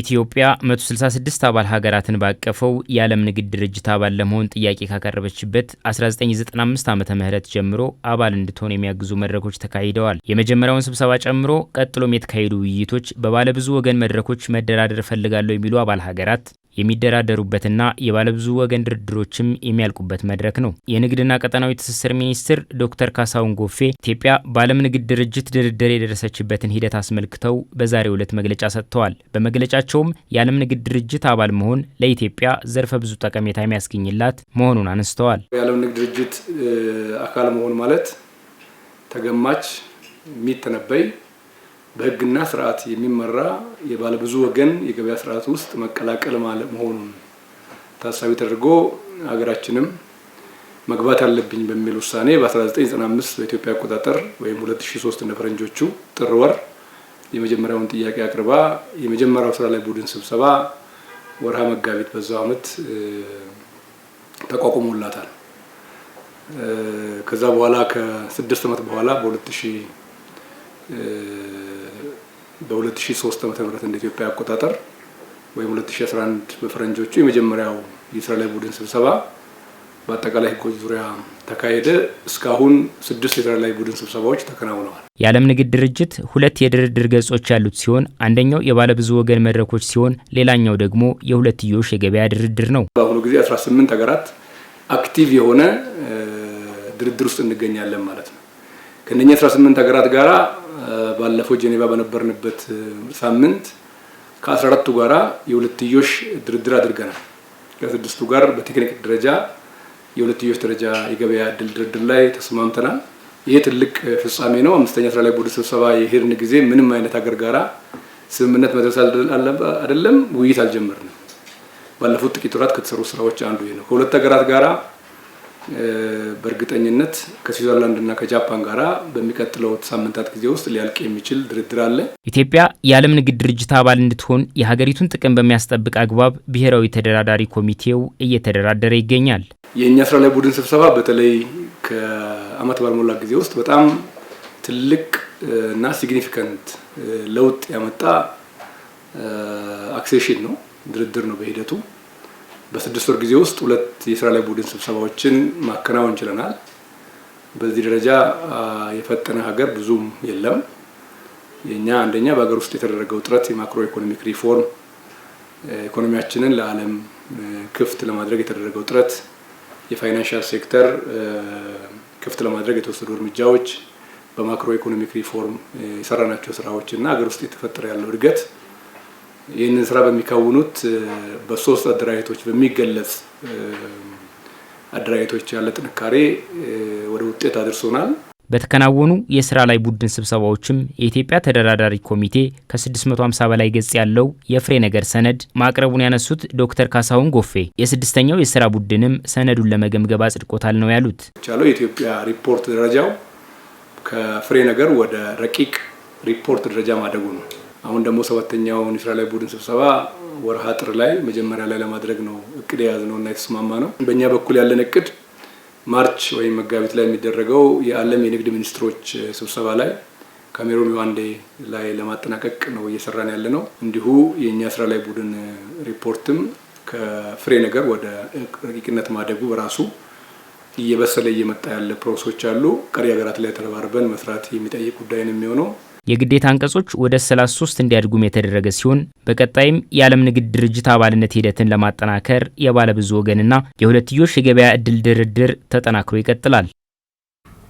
ኢትዮጵያ 166 አባል ሀገራትን ባቀፈው የዓለም ንግድ ድርጅት አባል ለመሆን ጥያቄ ካቀረበችበት 1995 ዓ ም ጀምሮ አባል እንድትሆን የሚያግዙ መድረኮች ተካሂደዋል። የመጀመሪያውን ስብሰባ ጨምሮ ቀጥሎም የተካሄዱ ውይይቶች በባለብዙ ወገን መድረኮች መደራደር እፈልጋለሁ የሚሉ አባል ሀገራት የሚደራደሩበትና የባለብዙ ወገን ድርድሮችም የሚያልቁበት መድረክ ነው። የንግድና ቀጠናዊ ትስስር ሚኒስትር ዶክተር ካሳሁን ጎፌ ኢትዮጵያ በዓለም ንግድ ድርጅት ድርድር የደረሰችበትን ሂደት አስመልክተው በዛሬው ዕለት መግለጫ ሰጥተዋል። በመግለጫቸውም የዓለም ንግድ ድርጅት አባል መሆን ለኢትዮጵያ ዘርፈ ብዙ ጠቀሜታ የሚያስገኝላት መሆኑን አንስተዋል። የዓለም ንግድ ድርጅት አካል መሆን ማለት ተገማች፣ የሚተነበይ በህግና ስርዓት የሚመራ የባለብዙ ወገን የገበያ ስርዓት ውስጥ መቀላቀል መሆኑን ታሳቢ ተደርጎ ሀገራችንም መግባት አለብኝ በሚል ውሳኔ በ1995 በኢትዮጵያ አቆጣጠር ወይም 2003 እንደ ፈረንጆቹ ጥር ወር የመጀመሪያውን ጥያቄ አቅርባ የመጀመሪያው ስራ ላይ ቡድን ስብሰባ ወርሃ መጋቢት በዛው ዓመት ተቋቁሞላታል። ከዛ በኋላ ከስድስት ዓመት በኋላ በ በ2003 ዓ.ም እንደ ኢትዮጵያ አቆጣጠር ወይም 2011 በፈረንጆቹ የመጀመሪያው የእስራኤላዊ ቡድን ስብሰባ በአጠቃላይ ህጎች ዙሪያ ተካሄደ። እስካሁን ስድስት የእስራኤላዊ ቡድን ስብሰባዎች ተከናውነዋል። የዓለም ንግድ ድርጅት ሁለት የድርድር ገጾች ያሉት ሲሆን አንደኛው የባለብዙ ወገን መድረኮች ሲሆን፣ ሌላኛው ደግሞ የሁለትዮሽ የገበያ ድርድር ነው። በአሁኑ ጊዜ 18 ሀገራት አክቲቭ የሆነ ድርድር ውስጥ እንገኛለን ማለት ነው። ከነኛ 18 ሀገራት ጋራ ባለፈው ጄኔቫ በነበርንበት ሳምንት ከ14ቱ ጋራ የሁለትዮሽ ድርድር አድርገናል። ከስድስቱ ጋር በቴክኒክ ደረጃ የሁለትዮሽ ደረጃ የገበያ እድል ድርድር ላይ ተስማምተናል። ይሄ ትልቅ ፍጻሜ ነው። አምስተኛ ስራ ላይ ቦርድ ስብሰባ የሄድን ጊዜ ምንም አይነት ሀገር ጋራ ስምምነት መድረስ አይደለም፣ ውይይት አልጀመርንም። ባለፉት ጥቂት ወራት ከተሰሩ ስራዎች አንዱ ይሄ ነው። ከሁለት ሀገራት ጋራ በእርግጠኝነት ከስዊዘርላንድ እና ከጃፓን ጋር በሚቀጥለው ሳምንታት ጊዜ ውስጥ ሊያልቅ የሚችል ድርድር አለ። ኢትዮጵያ የዓለም ንግድ ድርጅት አባል እንድትሆን የሀገሪቱን ጥቅም በሚያስጠብቅ አግባብ ብሔራዊ ተደራዳሪ ኮሚቴው እየተደራደረ ይገኛል። የእኛ ስራ ላይ ቡድን ስብሰባ በተለይ ከአመት ባልሞላ ጊዜ ውስጥ በጣም ትልቅ እና ሲግኒፊካንት ለውጥ ያመጣ አክሴሽን ነው፣ ድርድር ነው በሂደቱ በስድስት ወር ጊዜ ውስጥ ሁለት የስራ ላይ ቡድን ስብሰባዎችን ማከናወን ችለናል። በዚህ ደረጃ የፈጠነ ሀገር ብዙም የለም። የእኛ አንደኛ በሀገር ውስጥ የተደረገው ጥረት የማክሮ ኢኮኖሚክ ሪፎርም ኢኮኖሚያችንን ለዓለም ክፍት ለማድረግ የተደረገው ጥረት፣ የፋይናንሻል ሴክተር ክፍት ለማድረግ የተወሰዱ እርምጃዎች፣ በማክሮ ኢኮኖሚክ ሪፎርም የሰራናቸው ስራዎች እና ሀገር ውስጥ የተፈጠረ ያለው እድገት ይህንን ስራ በሚካውኑት በሶስት አደራጀቶች በሚገለጽ አደራጀቶች ያለ ጥንካሬ ወደ ውጤት አድርሶናል። በተከናወኑ የስራ ላይ ቡድን ስብሰባዎችም የኢትዮጵያ ተደራዳሪ ኮሚቴ ከ650 በላይ ገጽ ያለው የፍሬ ነገር ሰነድ ማቅረቡን ያነሱት ዶክተር ካሳሁን ጎፌ የስድስተኛው የስራ ቡድንም ሰነዱን ለመገምገብ አጽድቆታል ነው ያሉት። ቻለው የኢትዮጵያ ሪፖርት ደረጃው ከፍሬ ነገር ወደ ረቂቅ ሪፖርት ደረጃ ማደጉ ነው። አሁን ደግሞ ሰባተኛውን የስራ ቡድን ስብሰባ ወርሃ ጥር ላይ መጀመሪያ ላይ ለማድረግ ነው እቅድ ነው እና የተስማማ ነው። በእኛ በኩል ያለን እቅድ ማርች ወይም መጋቢት ላይ የሚደረገው የዓለም የንግድ ሚኒስትሮች ስብሰባ ላይ ካሜሩን ዩዋንዴ ላይ ለማጠናቀቅ ነው እየሰራን ያለ ነው። እንዲሁ የእኛ ስራ ላይ ቡድን ሪፖርትም ከፍሬ ነገር ወደ ረቂቅነት ማደጉ በራሱ እየበሰለ እየመጣ ያለ ፕሮሰሶች አሉ። ቀሪ ሀገራት ላይ ተረባርበን መስራት የሚጠይቅ ጉዳይ ነው የሚሆነው። የግዴታ አንቀጾች ወደ 33 እንዲያድጉም የተደረገ ሲሆን በቀጣይም የዓለም ንግድ ድርጅት አባልነት ሂደትን ለማጠናከር የባለብዙ ወገንና የሁለትዮሽ የገበያ እድል ድርድር ተጠናክሮ ይቀጥላል።